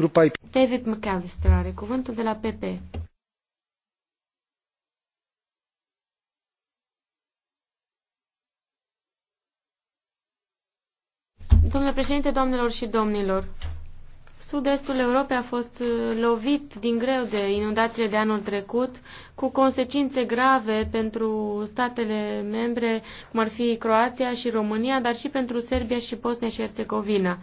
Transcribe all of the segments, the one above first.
Grupa IP. David McAllister are cuvântul de la PP. Domnule președinte, doamnelor și domnilor, sud-estul Europei a fost uh, lovit din greu de inundațiile de anul trecut, cu consecințe grave pentru statele membre, cum ar fi Croația și România, dar și pentru Serbia și Bosnia și Herțegovina.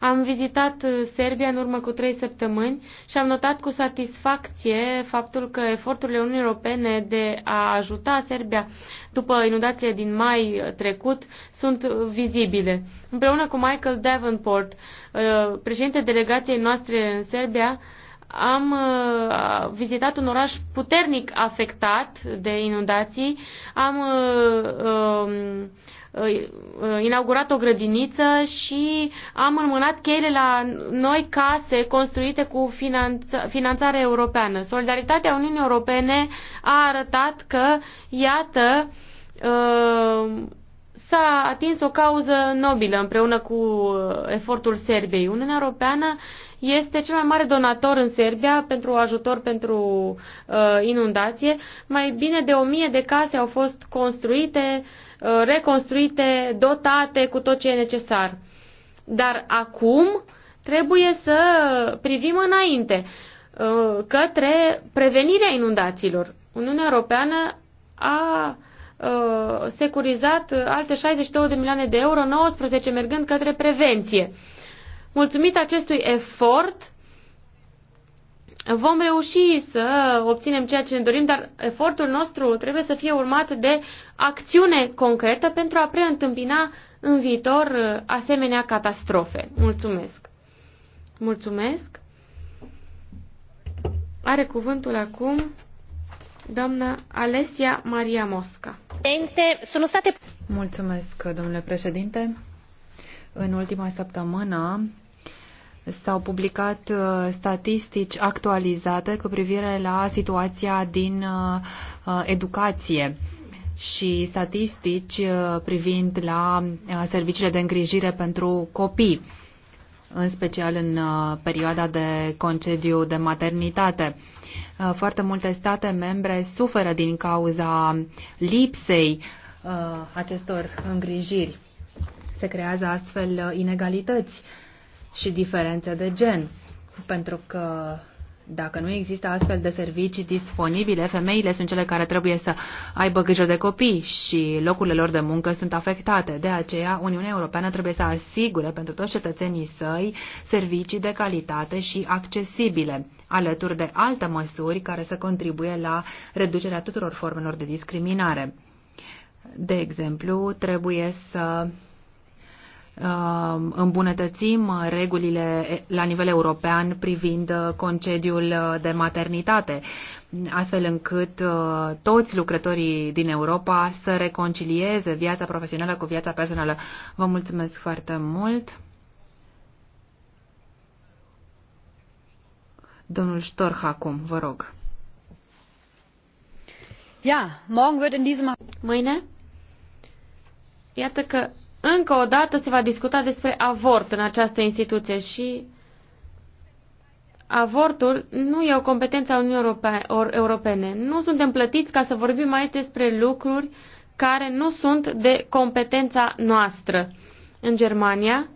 Am vizitat uh, Serbia în urmă cu trei săptămâni și am notat cu satisfacție faptul că eforturile Uniunii Europene de a ajuta Serbia după inundațiile din mai trecut sunt vizibile. Împreună cu Michael Davenport, uh, președinte delegației noastre în Serbia, am uh, vizitat un oraș puternic afectat de inundații, am uh, uh, Uh, uh, inaugurat o grădiniță și am înmânat cheile la noi case construite cu finanța, finanțare europeană. Solidaritatea Uniunii Europene a arătat că, iată, uh, s-a atins o cauză nobilă împreună cu efortul Serbiei. Uniunea Europeană este cel mai mare donator în Serbia pentru ajutor pentru uh, inundație. Mai bine de o mie de case au fost construite uh, Uh, reconstruite, dotate cu tot ce e necesar. Dar acum trebuie să privim înainte, uh, către prevenirea inundațiilor. Uniunea Europeană a uh, securizat alte 62 de milioane de euro, 19 mergând către prevenție. Mulțumit acestui efort, vom reuși să obținem ceea ce ne dorim, dar efortul nostru trebuie să fie urmat de acțiune concretă pentru a preîntâmpina în viitor uh, asemenea catastrofe. Mulțumesc! Mulțumesc! Are cuvântul acum doamna Alessia Maria Mosca. Mulțumesc, domnule președinte. În ultima săptămână s-au publicat uh, statistici actualizate cu privire la situația din uh, uh, educație și statistici privind la serviciile de îngrijire pentru copii, în special în perioada de concediu de maternitate. Foarte multe state membre suferă din cauza lipsei acestor îngrijiri. Se creează astfel inegalități și diferențe de gen, pentru că dacă nu există astfel de servicii disponibile, femeile sunt cele care trebuie să aibă grijă de copii și locurile lor de muncă sunt afectate. De aceea, Uniunea Europeană trebuie să asigure pentru toți cetățenii săi servicii de calitate și accesibile, alături de alte măsuri care să contribuie la reducerea tuturor formelor de discriminare. De exemplu, trebuie să Um, îmbunătățim regulile la nivel european privind concediul de maternitate, astfel încât uh, toți lucrătorii din Europa să reconcilieze viața profesională cu viața personală. Vă mulțumesc foarte mult! Domnul Storch acum, vă rog. Ja, morgen wird in diesem Mâine? Iată că încă o dată se va discuta despre avort în această instituție și avortul nu e o competență a Uniunii Europene. Nu suntem plătiți ca să vorbim aici despre lucruri care nu sunt de competența noastră. În Germania,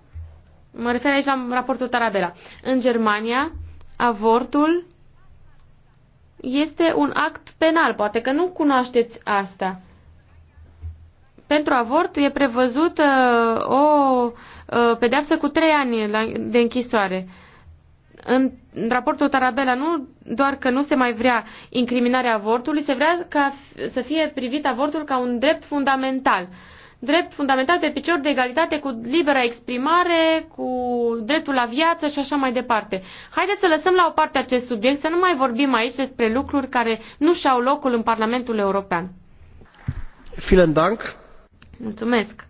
mă refer aici la raportul Tarabela, în Germania avortul este un act penal. Poate că nu cunoașteți asta pentru avort e prevăzută uh, o uh, pedeapsă cu trei ani de închisoare. În raportul Tarabela nu doar că nu se mai vrea incriminarea avortului, se vrea ca să fie privit avortul ca un drept fundamental. Drept fundamental pe picior de egalitate cu libera exprimare, cu dreptul la viață și așa mai departe. Haideți să lăsăm la o parte acest subiect, să nu mai vorbim aici despre lucruri care nu și-au locul în Parlamentul European. Vielen Dank. Mulțumesc.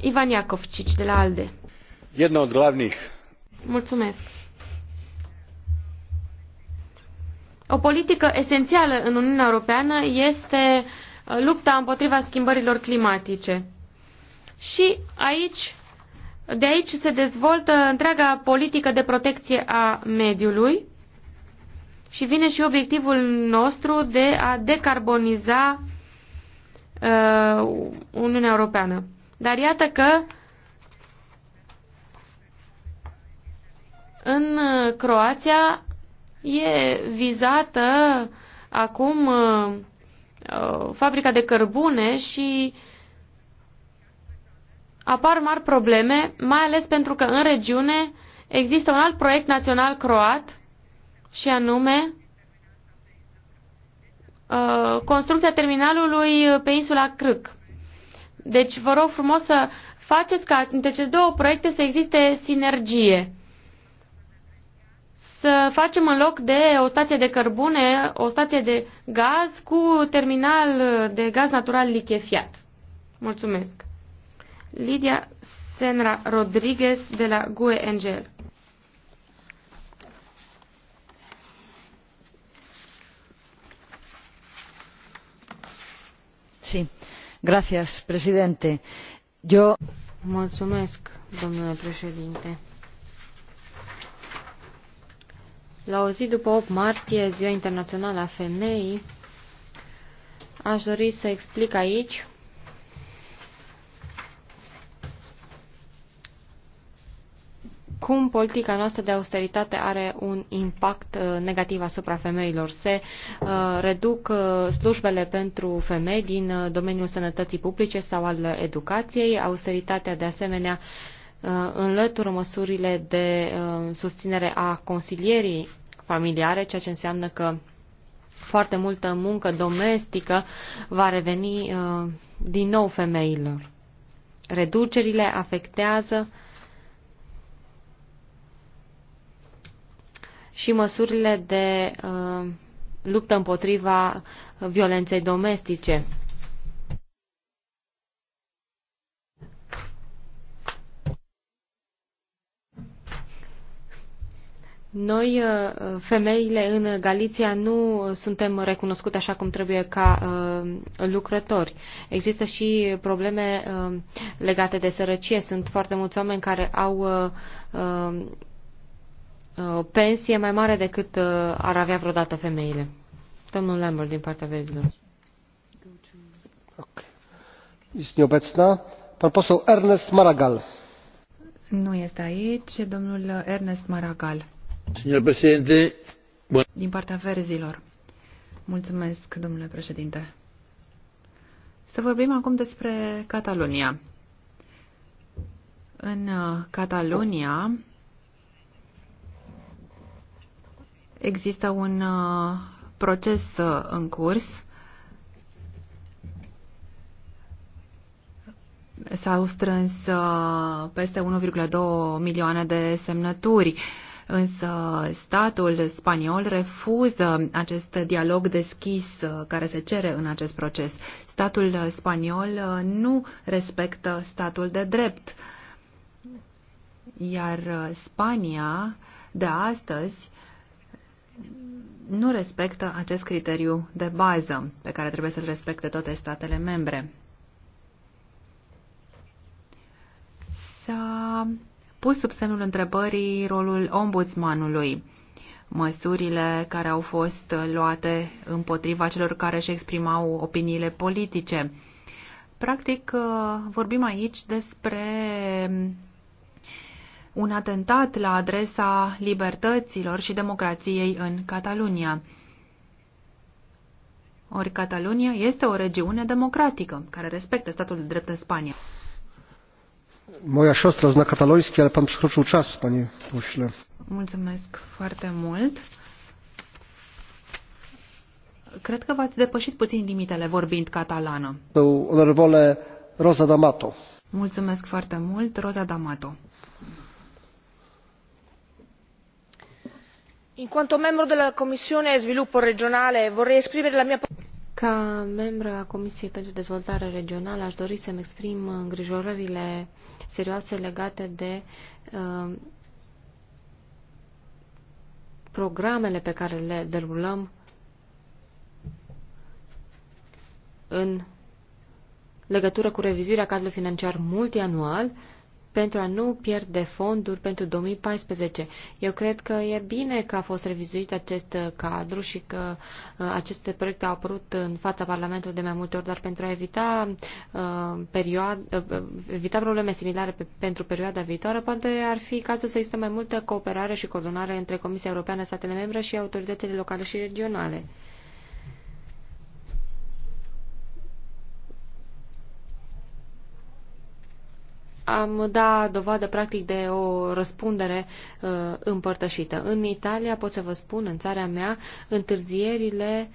Ivan Iacovcici de la ALDE. Jedna od glavnih. Mulțumesc. O politică esențială în Uniunea Europeană este uh, lupta împotriva schimbărilor climatice. Și aici, de aici se dezvoltă întreaga politică de protecție a mediului și vine și obiectivul nostru de a decarboniza uh, Uniunea Europeană. Dar iată că în uh, Croația e vizată acum uh, uh, fabrica de cărbune și apar mari probleme, mai ales pentru că în regiune există un alt proiect național croat și anume Uh, construcția terminalului pe insula Crâc. Deci vă rog frumos să faceți ca între cele două proiecte să existe sinergie. Să facem în loc de o stație de cărbune, o stație de gaz cu terminal de gaz natural lichefiat. Mulțumesc. Lidia Senra Rodriguez de la GUE Angel. domnule președinte. La o zi după opt martie, Ziua Internațională a Femeii, aș dori să explic aici cum politica noastră de austeritate are un impact uh, negativ asupra femeilor. Se uh, reduc uh, slujbele pentru femei din domeniul sănătății publice sau al educației. Austeritatea, de asemenea, înlătură măsurile de susținere a consilierii familiare, ceea ce înseamnă că foarte multă muncă domestică va reveni din nou femeilor. Reducerile afectează uh, și măsurile de uh, luptă împotriva violenței domestice. Noi, uh, femeile în Galiția, nu suntem recunoscute așa cum trebuie ca uh, lucrători. Există și probleme legate de sărăcie. Sunt foarte mulți oameni care au Uh, pensie mai mare decât uh, ar avea vreodată femeile. Domnul Lambert, din partea verzilor. Okay. Este obecna. Pan Ernest Maragall. Nu este aici, domnul Ernest Maragall. Signor președinte, bun. Din partea verzilor. Mulțumesc, domnule președinte. Să vorbim acum despre Catalonia. În uh, Catalonia. Există un uh, proces uh, în curs. S-au strâns uh, peste 1,2 milioane de semnături, însă statul spaniol refuză acest dialog deschis care se cere în acest proces. Statul spaniol nu respectă statul de drept, iar Spania de astăzi nu respectă acest criteriu de bază pe care trebuie să-l respecte toate statele membre. S-a pus sub semnul întrebării rolul ombudsmanului, măsurile care au fost luate împotriva celor care își exprimau opiniile politice. Practic, vorbim aici despre un atentat la adresa libertăților și democrației în Catalunia. Ori Catalunia este o regiune democratică care respectă statul de drept în Spania. Moja siostra zna catalonski, ale pan przekroczył czas, panie pośle. Mulțumesc foarte mult. Cred că v-ați depășit puțin limitele vorbind catalană. Onorevole Rosa D'Amato. Mulțumesc foarte mult, Rosa D'Amato. in quanto membro della commissione sviluppo regionale vorrei esprimere la mia. ca membră a comisiei pentru dezvoltare regională aș dori să îmi exprim îngrijorările serioase legate de uh, programele pe care le derulăm în legătură cu revizuirea cadrului financiar multianual pentru a nu pierde fonduri pentru 2014. Eu cred că e bine că a fost revizuit acest cadru și că uh, aceste proiecte au apărut în fața Parlamentului de mai multe ori, dar pentru a evita, uh, perioad, uh, uh, evita probleme similare pe, pentru perioada viitoare, poate ar fi cazul să existe mai multă cooperare și coordonare între Comisia Europeană, statele membre și autoritățile locale și regionale. am da dovadă practic de o răspundere uh, împărtășită. În Italia, pot să vă spun, în țara mea, întârzierile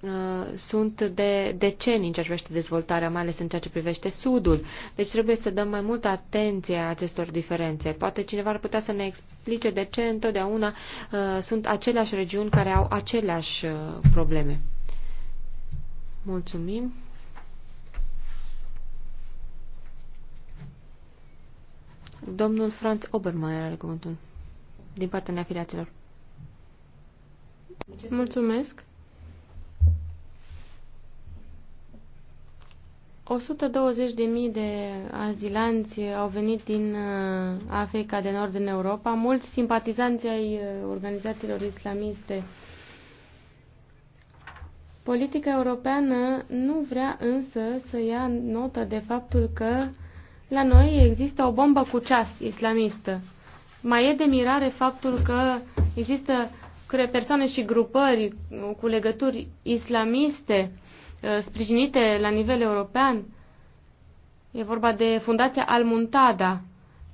uh, sunt de decenii în ceea ce privește dezvoltarea, mai ales în ceea ce privește Sudul. Deci trebuie să dăm mai multă atenție acestor diferențe. Poate cineva ar putea să ne explice de ce întotdeauna uh, sunt aceleași regiuni care au aceleași uh, probleme. Mulțumim. Domnul Franz Obermeier are cuvântul, din partea neafiliaților. Mulțumesc. 120.000 de azilanți au venit din uh, Africa de Nord în Europa, mulți simpatizanți ai uh, organizațiilor islamiste. Politica europeană nu vrea însă să ia notă de faptul că la noi există o bombă cu ceas islamistă. Mai e de mirare faptul că există persoane și grupări cu legături islamiste uh, sprijinite la nivel european. E vorba de Fundația Al-Muntada,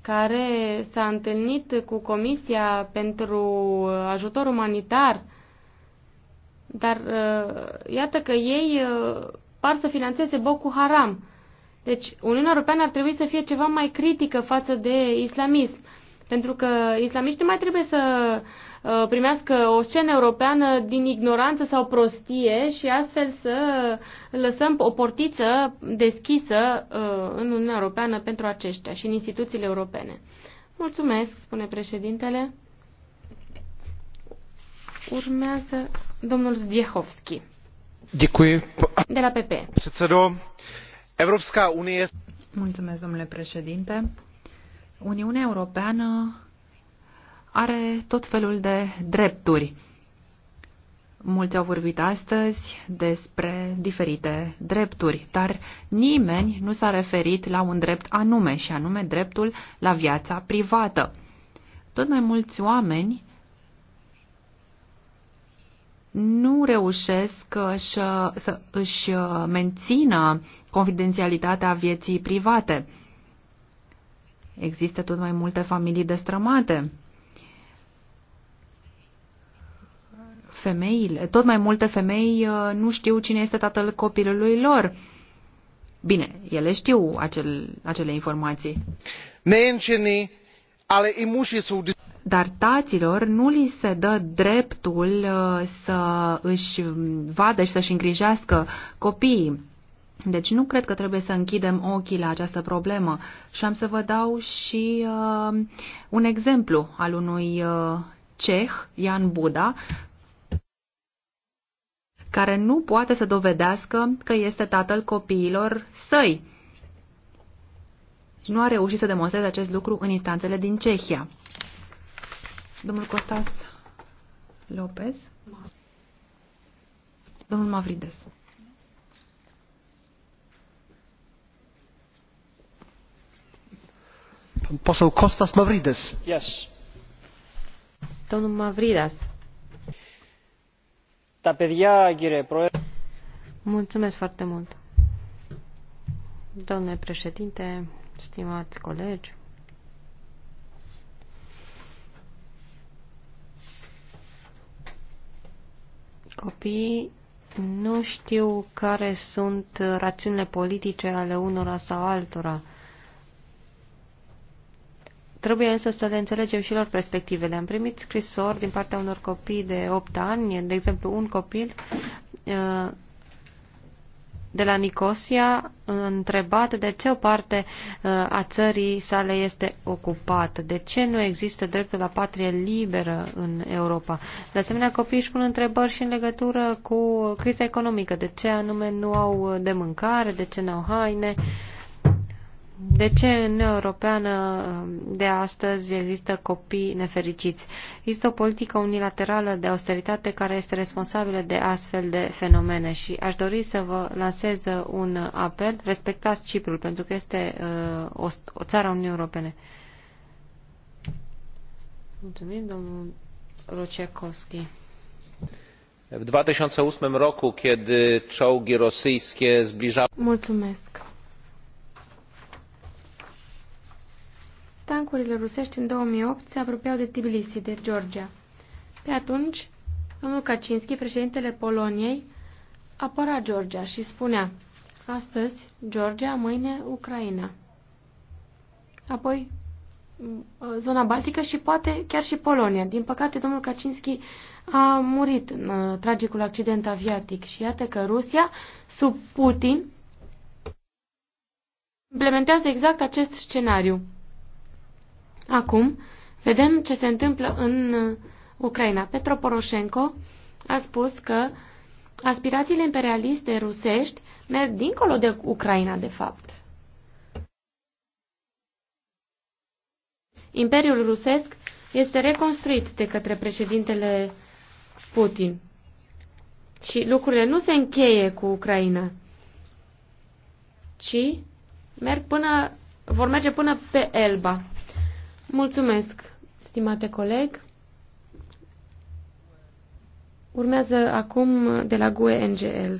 care s-a întâlnit cu Comisia pentru uh, Ajutor Umanitar, dar uh, iată că ei par să financeze Boko Haram. Deci Uniunea Europeană ar trebui să fie ceva mai critică față de islamism, pentru că islamiștii mai trebuie să uh, primească o scenă europeană din ignoranță sau prostie și astfel să lăsăm o portiță deschisă uh, în Uniunea Europeană pentru aceștia și în instituțiile europene. Mulțumesc, spune președintele. Urmează domnul Zdiehovski. De la PP. Předsedo, Uniunea Europeană are tot felul de drepturi. Mulți au vorbit astăzi despre diferite drepturi, dar nimeni nu s-a referit la un drept anume, și anume dreptul la viața privată. Tot mai mulți oameni nu reușesc să își uh, mențină confidențialitatea vieții private. Există tot mai multe familii destrămate. Femeile, tot mai multe femei uh, nu știu cine este tatăl copilului lor. Bine, ele știu acel, acele informații. Mentioning ale i muși sunt... Dar taților nu li se dă dreptul uh, să își vadă și să-și îngrijească copiii. Deci nu cred că trebuie să închidem ochii la această problemă și am să vă dau și uh, un exemplu al unui uh, ceh, Ian Buda, care nu poate să dovedească că este tatăl copiilor săi nu a reușit să demonstreze acest lucru în instanțele din Cehia. Domnul Costas Lopez. Domnul Mavrides. Posso Costas Mavrides. Yes. Domnul Mavridas. Ta pedia, gire, pro... Mulțumesc foarte mult. Domnule președinte, stimați colegi. Copiii nu știu care sunt rațiunile politice ale unora sau altora. Trebuie însă să le înțelegem și lor perspectivele. Am primit scrisori din partea unor copii de 8 ani, de exemplu un copil uh, de la Nicosia, întrebat de ce o parte uh, a țării sale este ocupată, de ce nu există dreptul la patrie liberă în Europa. De asemenea, copiii își pun întrebări și în legătură cu criza economică, de ce anume nu au uh, de mâncare, de ce nu au haine. De ce în Uniunea Europeană um, de astăzi există copii nefericiți? Există o politică unilaterală de austeritate care este responsabilă de astfel de fenomene și aș dori să vă lansez un apel. Respectați Ciprul, pentru că este uh, o, o țară a Uniunii Europene. Mulțumim, domnul Ruciakowski. W 2008 roku, kiedy czołgi rosyjskie zbliżały... Mulțumesc. tancurile rusești în 2008 se apropiau de Tbilisi, de Georgia. Pe atunci, domnul Kaczynski, președintele Poloniei, apăra Georgia și spunea Astăzi, Georgia, mâine, Ucraina. Apoi, zona Baltică și poate chiar și Polonia. Din păcate, domnul Kaczynski a murit în uh, tragicul accident aviatic și iată că Rusia, sub Putin, implementează exact acest scenariu. Acum, vedem ce se întâmplă în uh, Ucraina. Petro Poroșenko a spus că aspirațiile imperialiste rusești merg dincolo de Ucraina, de fapt. Imperiul rusesc este reconstruit de către președintele Putin. Și lucrurile nu se încheie cu Ucraina, ci merg până, vor merge până pe Elba. Mulțumesc, stimate coleg. Urmează acum de la GUE NGL.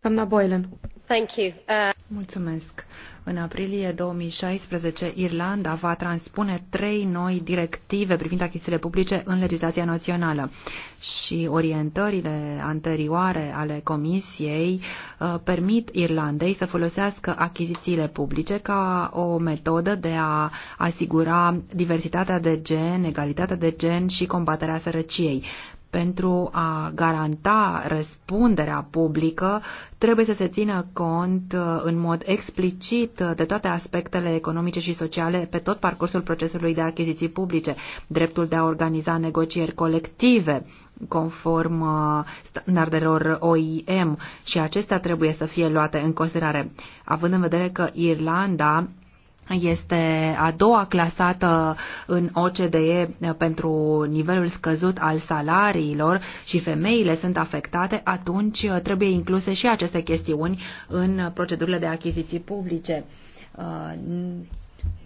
Doamna Boylan. Uh, Mulțumesc. În aprilie 2016, Irlanda va transpune trei noi directive privind achizițiile publice în legislația națională și orientările anterioare ale Comisiei uh, permit Irlandei să folosească achizițiile publice ca o metodă de a asigura diversitatea de gen, egalitatea de gen și combaterea sărăciei pentru a garanta răspunderea publică, trebuie să se țină cont uh, în mod explicit uh, de toate aspectele economice și sociale pe tot parcursul procesului de achiziții publice, dreptul de a organiza negocieri colective conform uh, standardelor OIM și acestea trebuie să fie luate în considerare, având în vedere că Irlanda este a doua clasată în OCDE pentru nivelul scăzut al salariilor și femeile sunt afectate, atunci trebuie incluse și aceste chestiuni în procedurile de achiziții publice uh,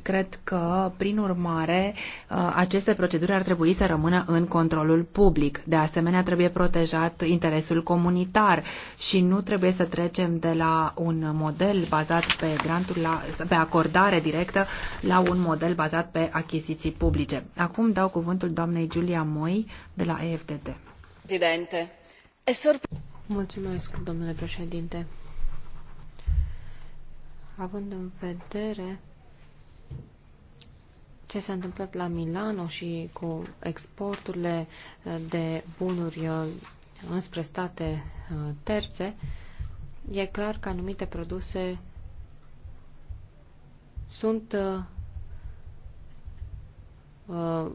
Cred că, prin urmare, uh, aceste proceduri ar trebui să rămână în controlul public. De asemenea, trebuie protejat interesul comunitar și nu trebuie să trecem de la un model bazat pe granturi, la, pe acordare directă, la un model bazat pe achiziții publice. Acum dau cuvântul doamnei Giulia Moi de la EFTT. Presidente, Mulțumesc, domnule președinte. Având în vedere ce s-a întâmplat la Milano și cu exporturile uh, de bunuri uh, înspre state uh, terțe, e clar că anumite produse sunt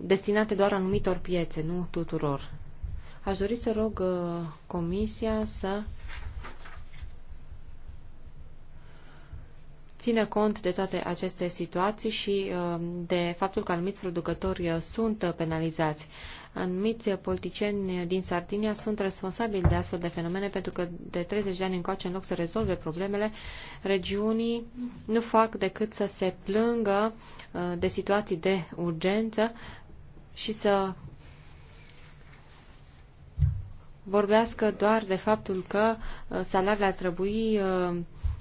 destinate doar anumitor piețe, nu tuturor. Aș dori să rog Comisia să țină cont de toate aceste situații și uh, de faptul că anumiți producători uh, sunt penalizați. Anumiți politicieni din Sardinia sunt responsabili de astfel de fenomene pentru că de 30 de ani încoace, în loc să rezolve problemele, regiunii nu fac decât să se plângă uh, de situații de urgență și să vorbească doar de faptul că salariile ar trebui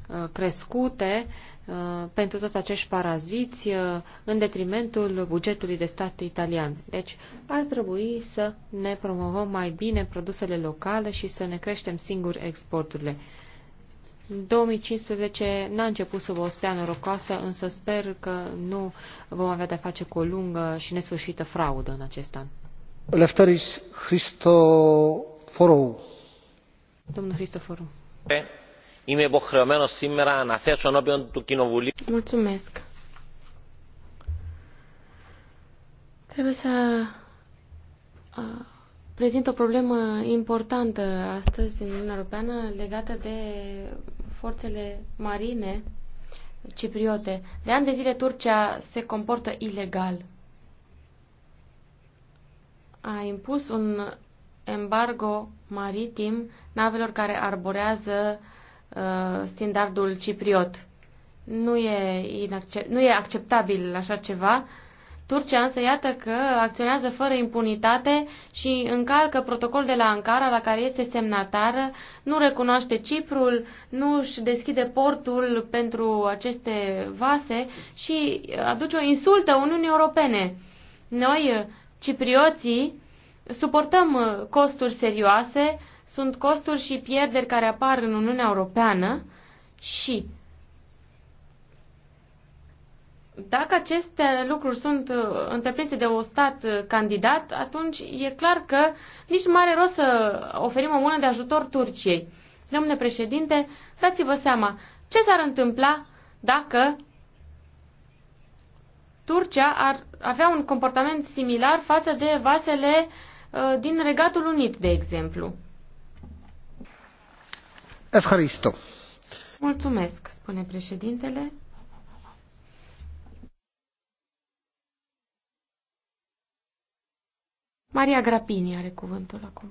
Uh, crescute uh, pentru toți acești paraziți uh, în detrimentul bugetului de stat italian. Deci ar trebui să ne promovăm mai bine produsele locale și să ne creștem singuri exporturile. 2015 n-a început sub o stea norocoasă, însă sper că nu vom avea de-a face cu o lungă și nesfârșită fraudă în acest an. Lefteris Christoforou. Domnul Christoforou είμαι υποχρεωμένος σήμερα να θέσω ενώπιον του Κοινοβουλίου. Mulțumesc. Trebuie să prezint o problemă importantă astăzi în Uniunea Europeană legată de forțele marine cipriote. De ani de zile Turcia se comportă ilegal. A impus un embargo maritim navelor care arborează Uh, standardul cipriot. Nu e, inaccept, nu e acceptabil așa ceva. Turcia însă iată că acționează fără impunitate și încalcă protocolul de la Ankara, la care este semnatară, nu recunoaște Ciprul, nu își deschide portul pentru aceste vase și aduce o insultă Uniunii Europene. Noi, ciprioții, suportăm costuri serioase, sunt costuri și pierderi care apar în Uniunea Europeană și dacă aceste lucruri sunt uh, întreprinse de un stat uh, candidat, atunci e clar că nici nu mai are rost să oferim o mână de ajutor Turciei. Domnule președinte, dați-vă seama ce s-ar întâmpla dacă Turcia ar avea un comportament similar față de vasele uh, din Regatul Unit, de exemplu. Evharisto. Mulțumesc, spune președintele. Maria Grapini are cuvântul acum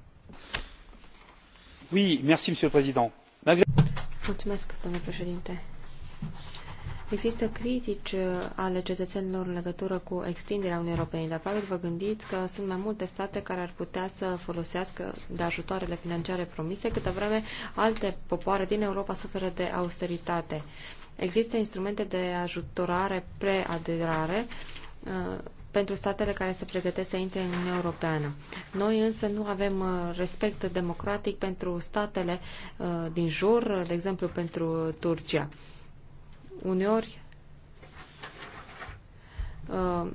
domnule președinte. Există critici uh, ale cetățenilor în legătură cu extinderea Uniunii Europene, dar probabil vă gândiți că sunt mai multe state care ar putea să folosească de ajutoarele financiare promise, câtă vreme alte popoare din Europa suferă de austeritate. Există instrumente de ajutorare preaderare uh, pentru statele care se pregătesc să intre în Uniunea Europeană. Noi însă nu avem uh, respect democratic pentru statele uh, din jur, de exemplu pentru Turcia. Uneori uh,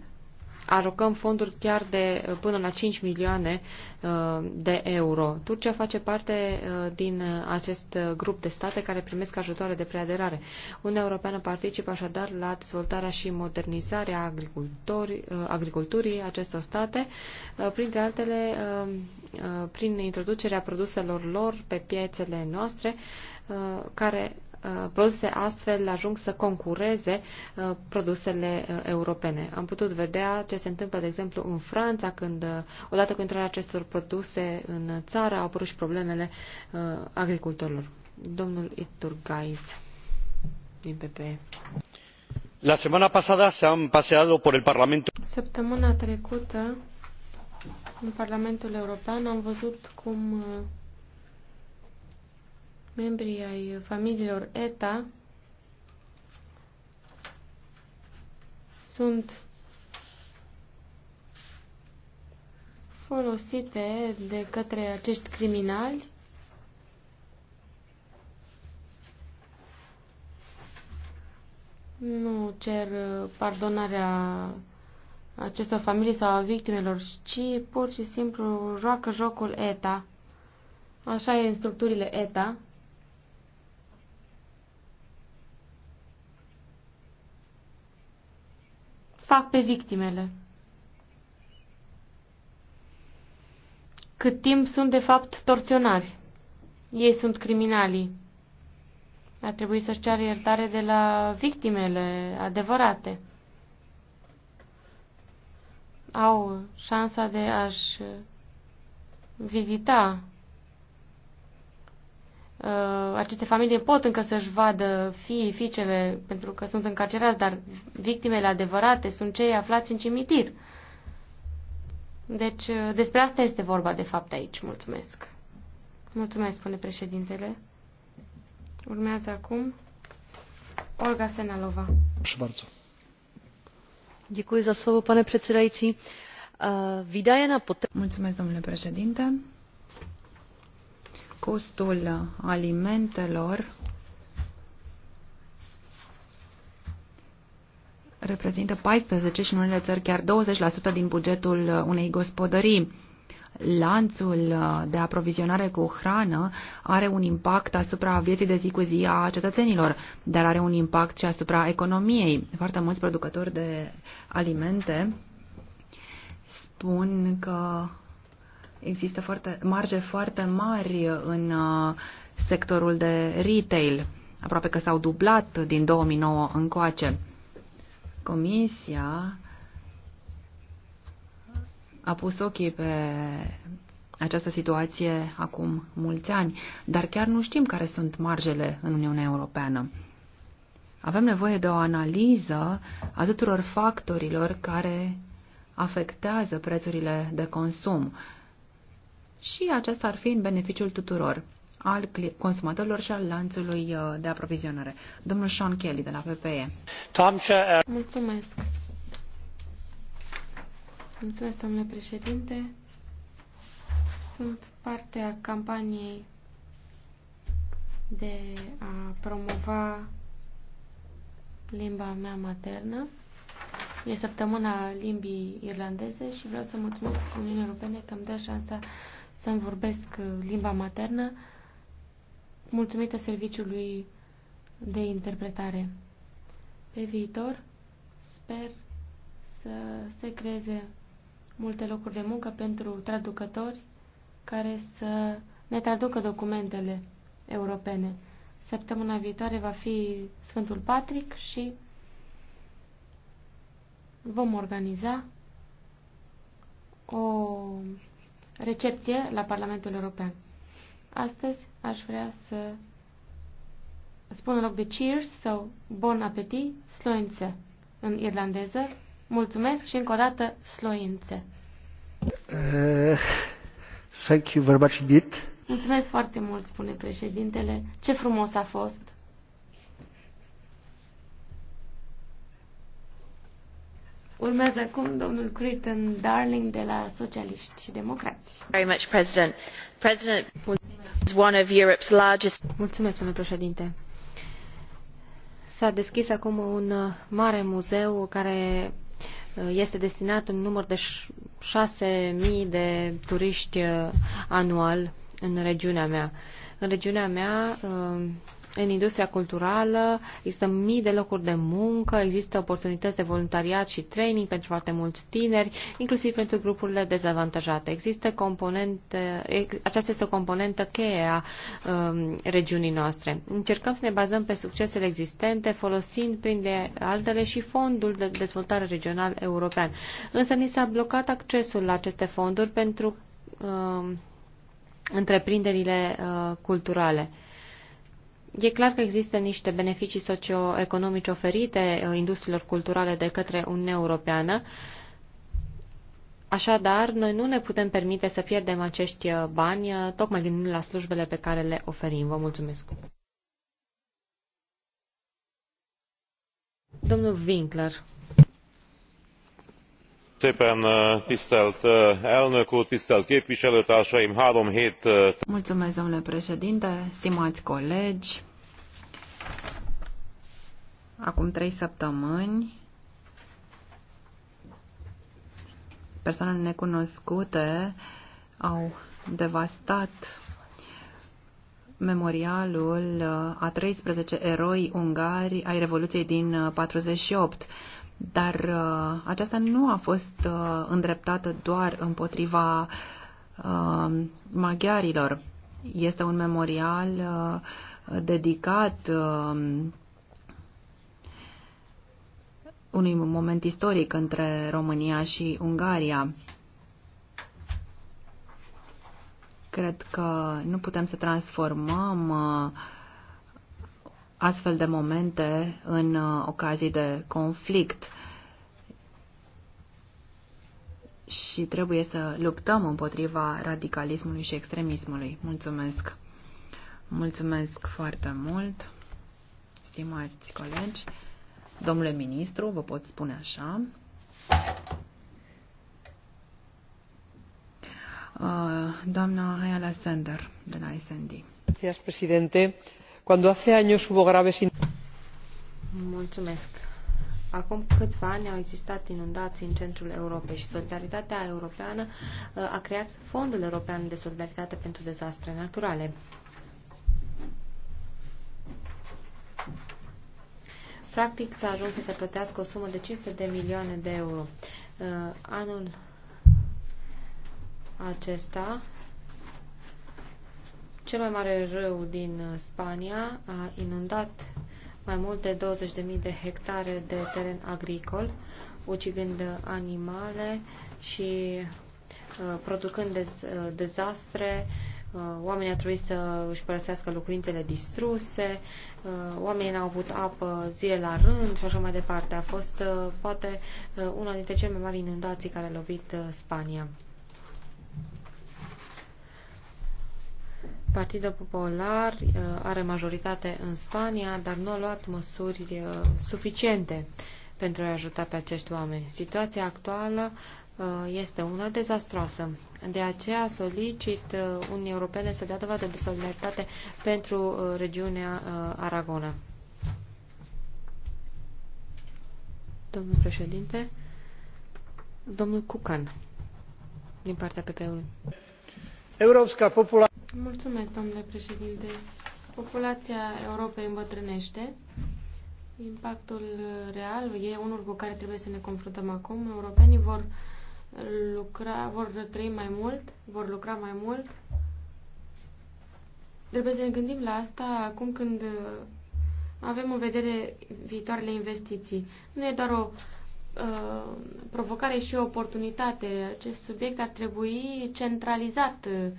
alocăm fonduri chiar de până la 5 milioane uh, de euro. Turcia face parte uh, din acest grup de state care primesc ajutoare de preaderare. Uniunea Europeană participă așadar la dezvoltarea și modernizarea uh, agriculturii acestor state, printre altele prin introducerea produselor lor pe piețele noastre, care Uh, produse astfel ajung să concureze uh, produsele uh, europene. Am putut vedea ce se întâmplă, de exemplu, în Franța, când, odată cu intrarea acestor produse în țară, au apărut și problemele agricultorilor. Domnul Iturgaiz, din PPE. La semana pasada se am paseado por el Parlamento. Săptămâna trecută, în Parlamentul European, am văzut cum membrii ai familiilor ETA sunt folosite de către acești criminali nu cer pardonarea acestor familii sau a victimelor, ci pur și simplu joacă jocul ETA. Așa e în structurile ETA. fac pe victimele. Cât timp sunt de fapt torționari. Ei sunt criminalii. Ar trebui să-și ceară iertare de la victimele adevărate. Au șansa de a-și vizita Uh, aceste familii pot încă să-și vadă fiii, fiicele, pentru că sunt încarcerați, dar victimele adevărate sunt cei aflați în cimitir. Deci, uh, despre asta este vorba, de fapt, aici. Mulțumesc. Mulțumesc, spune președintele. Urmează acum Olga Senalova. Děkuji za slovo, pane předsedající. Výdaje na poté... Mulțumesc, domnule președinte costul alimentelor reprezintă 14 și în unele țări chiar 20% din bugetul unei gospodării. Lanțul de aprovizionare cu hrană are un impact asupra vieții de zi cu zi a cetățenilor, dar are un impact și asupra economiei. Foarte mulți producători de alimente spun că Există foarte, marge foarte mari în uh, sectorul de retail. Aproape că s-au dublat din 2009 încoace. Comisia a pus ochii pe această situație acum mulți ani, dar chiar nu știm care sunt marjele în Uniunea Europeană. Avem nevoie de o analiză a tuturor factorilor care afectează prețurile de consum și aceasta ar fi în beneficiul tuturor, al consumatorilor și al lanțului uh, de aprovizionare. Domnul Sean Kelly de la PPE. Uh, mulțumesc. Mulțumesc, domnule președinte. Sunt parte a campaniei de a promova limba mea maternă. E săptămâna limbii irlandeze și vreau să mulțumesc Uniunii Europene că îmi dă șansa să-mi vorbesc uh, limba maternă mulțumită serviciului de interpretare. Pe viitor sper să se creeze multe locuri de muncă pentru traducători care să ne traducă documentele europene. Săptămâna viitoare va fi Sfântul Patrick și vom organiza o recepție la Parlamentul European. Astăzi aș vrea să spun în loc de cheers sau bon appetit, sloințe în irlandeză. Mulțumesc și încă o dată sloințe. Uh, thank you very much Mulțumesc foarte mult, spune președintele. Ce frumos a fost. Urmează acum domnul Creighton Darling de la Socialiști și Democrați. Very much, President. President is one of Europe's largest... Mulțumesc, domnule președinte. S-a deschis acum un uh, mare muzeu care uh, este destinat un număr de 6.000 de turiști uh, anual în regiunea mea. În regiunea mea în industria culturală există mii de locuri de muncă, există oportunități de voluntariat și training pentru foarte mulți tineri, inclusiv pentru grupurile dezavantajate. Există componente, aceasta este o componentă cheie a um, regiunii noastre. Încercăm să ne bazăm pe succesele existente, folosind prin de altele și fondul de dezvoltare regional european. Însă ni s-a blocat accesul la aceste fonduri pentru um, întreprinderile uh, culturale. E clar că există niște beneficii socioeconomici oferite uh, industriilor culturale de către Uniunea Europeană, Așadar, noi nu ne putem permite să pierdem acești uh, bani uh, tocmai din la slujbele pe care le oferim. Vă mulțumesc! Domnul Winkler. Mulțumesc, domnule președinte stimați colegi acum trei săptămâni persoane necunoscute au devastat memorialul uh, a 13 eroi ungari ai Revoluției din 48. Uh, dar uh, aceasta nu a fost uh, îndreptată doar împotriva uh, maghiarilor. Este un memorial uh, dedicat uh, unui moment istoric între România și Ungaria. Cred că nu putem să transformăm uh, astfel de momente în uh, ocazii de conflict și trebuie să luptăm împotriva radicalismului și extremismului. Mulțumesc! Mulțumesc foarte mult, stimați colegi. Domnule ministru, vă pot spune așa. Uh, doamna Ayala Sender, de la SND. Mulțumesc, președinte cuando hace años hubo graves Acum câțiva ani au existat inundații în centrul Europei și solidaritatea europeană uh, a creat Fondul European de Solidaritate pentru Dezastre Naturale. Practic s-a ajuns să se plătească o sumă de 500 de milioane de euro. Uh, anul acesta cel mai mare râu din uh, Spania a inundat mai mult de 20.000 de hectare de teren agricol, ucigând uh, animale și uh, producând dez, uh, dezastre. Uh, oamenii au trebuit să își părăsească locuințele distruse, oamenii n-au avut apă zile la rând și așa mai departe. A fost poate una dintre cele mai mari inundații care a lovit Spania. Partidul Popular uh, are majoritate în Spania, dar nu a luat măsuri uh, suficiente pentru a ajuta pe acești oameni. Situația actuală uh, este una dezastroasă. De aceea solicit unii Europene să dea dovadă de solidaritate pentru regiunea Aragona. Domnul președinte, domnul Cucan, din partea PP-ului. Europska populară Mulțumesc, domnule președinte. Populația Europei îmbătrânește. Impactul real e unul cu care trebuie să ne confruntăm acum. Europenii vor lucra, vor trăi mai mult, vor lucra mai mult. Trebuie să ne gândim la asta acum când avem în vedere viitoarele investiții. Nu e doar o uh, provocare și o oportunitate. Acest subiect ar trebui centralizat uh,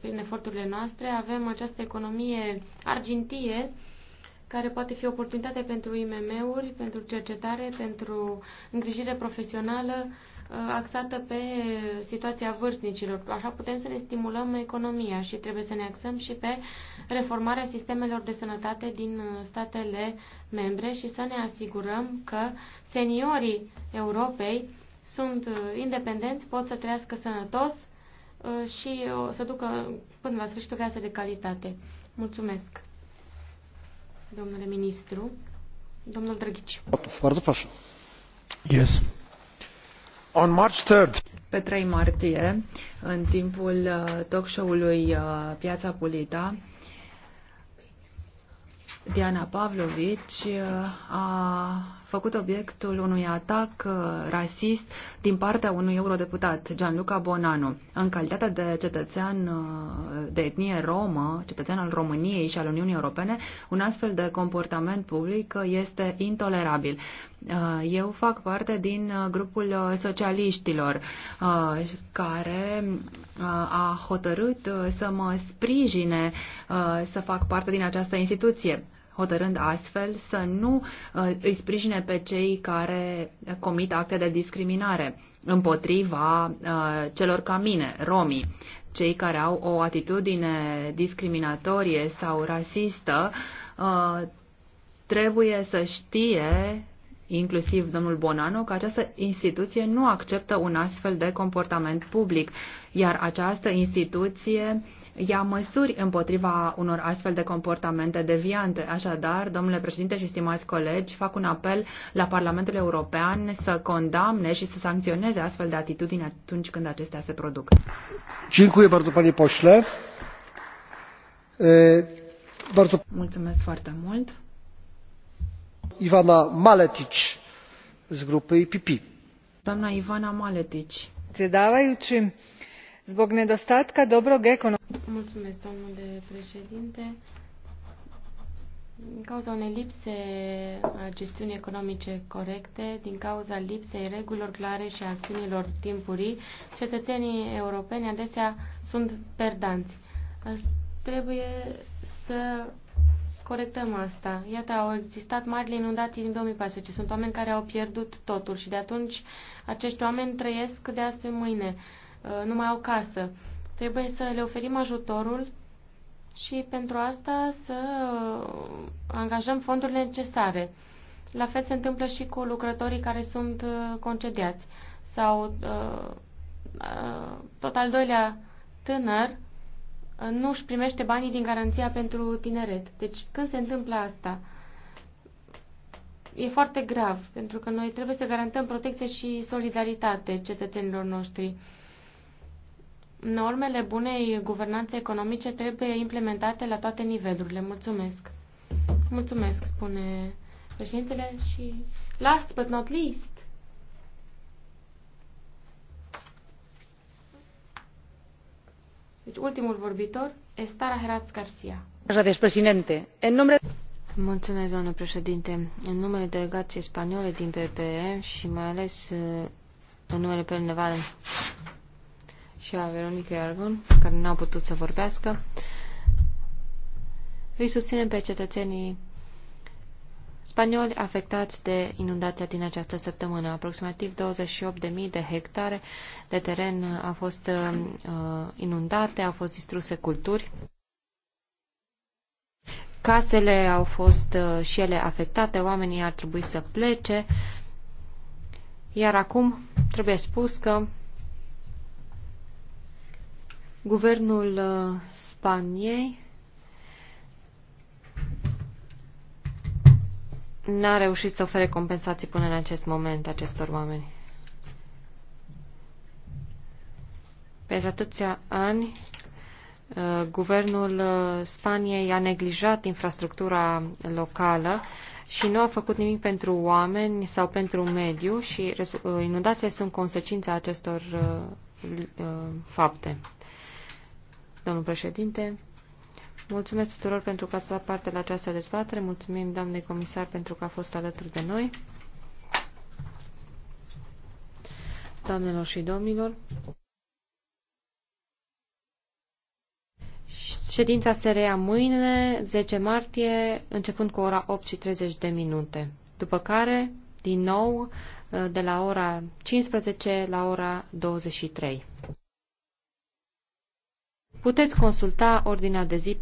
prin eforturile noastre, avem această economie argintie care poate fi oportunitate pentru IMM-uri, pentru cercetare, pentru îngrijire profesională uh, axată pe situația vârstnicilor. Așa putem să ne stimulăm economia și trebuie să ne axăm și pe reformarea sistemelor de sănătate din uh, statele membre și să ne asigurăm că seniorii Europei sunt uh, independenți, pot să trăiască sănătos, Uh, și o uh, să ducă până la sfârșit o viață de calitate. Mulțumesc, domnule ministru. Domnul Drăghici. Foarte proșu. Yes. On March 3rd. Pe 3 martie, în timpul uh, talk show-ului Piața Pulita, Diana Pavlovici a făcut obiectul unui atac uh, rasist din partea unui eurodeputat, Gianluca Bonanu. În calitate de cetățean uh, de etnie romă, cetățean al României și al Uniunii Europene, un astfel de comportament public uh, este intolerabil. Eu fac parte din grupul socialiștilor care a hotărât să mă sprijine să fac parte din această instituție hotărând astfel să nu uh, îi sprijine pe cei care comit acte de discriminare împotriva uh, celor ca mine, romii, cei care au o atitudine discriminatorie sau rasistă uh, trebuie să știe inclusiv domnul Bonanu, că această instituție nu acceptă un astfel de comportament public, iar această instituție ia măsuri împotriva unor astfel de comportamente deviante. Așadar, domnule președinte și stimați colegi, fac un apel la Parlamentul European să condamne și să sancționeze astfel de atitudini atunci când acestea se produc. Cincuie, Mulțumesc foarte mult. Ivana PP. Doamna Ivana Maletic. zbog nedostatka dobrog ekonomskog... președinte. Din cauza unei lipse a gestiunii economice corecte, din cauza lipsei regulilor clare și a acțiunilor timpurii, cetățenii europeni adesea sunt perdanți. Trebuie să corectăm asta. Iată, au existat mari inundații din 2014. Sunt oameni care au pierdut totul și de atunci acești oameni trăiesc de azi pe mâine. Uh, nu mai au casă. Trebuie să le oferim ajutorul și pentru asta să angajăm fondurile necesare. La fel se întâmplă și cu lucrătorii care sunt uh, concediați. Sau uh, tot al doilea tânăr Uh, nu își primește banii din garanția pentru tineret. Deci când se întâmplă asta, e foarte grav, pentru că noi trebuie să garantăm protecție și solidaritate cetățenilor noștri. Normele bunei guvernanțe economice trebuie implementate la toate nivelurile. Mulțumesc. Mulțumesc, spune președintele și last but not least, Deci ultimul vorbitor, este Tara Heratz Garcia. Gracias, presidente. En nombre... Mulțumesc, doamnă președinte. În numele delegației spaniole din PPE și mai ales uh, în numele pe și a Veronica Iargon, care n-au putut să vorbească, îi susținem pe cetățenii spanioli afectați de inundația din această săptămână. Aproximativ 28.000 de hectare de teren au fost uh, inundate, au fost distruse culturi. Casele au fost uh, și ele afectate, oamenii ar trebui să plece. Iar acum trebuie spus că guvernul uh, Spaniei n-a reușit să ofere compensații până în acest moment acestor oameni. Pentru atâția ani, uh, guvernul uh, Spaniei a neglijat infrastructura locală și nu a făcut nimic pentru oameni sau pentru mediu și uh, inundațiile sunt consecința acestor fapte. Domnul președinte. Mulțumesc tuturor pentru că ați dat parte la această dezbatere. Mulțumim, doamnei comisar, pentru că a fost alături de noi. Doamnelor și domnilor, ședința se reia mâine, 10 martie, începând cu ora 8 și 30 de minute. După care, din nou, de la ora 15 la ora 23. Puteți consulta ordinea de zi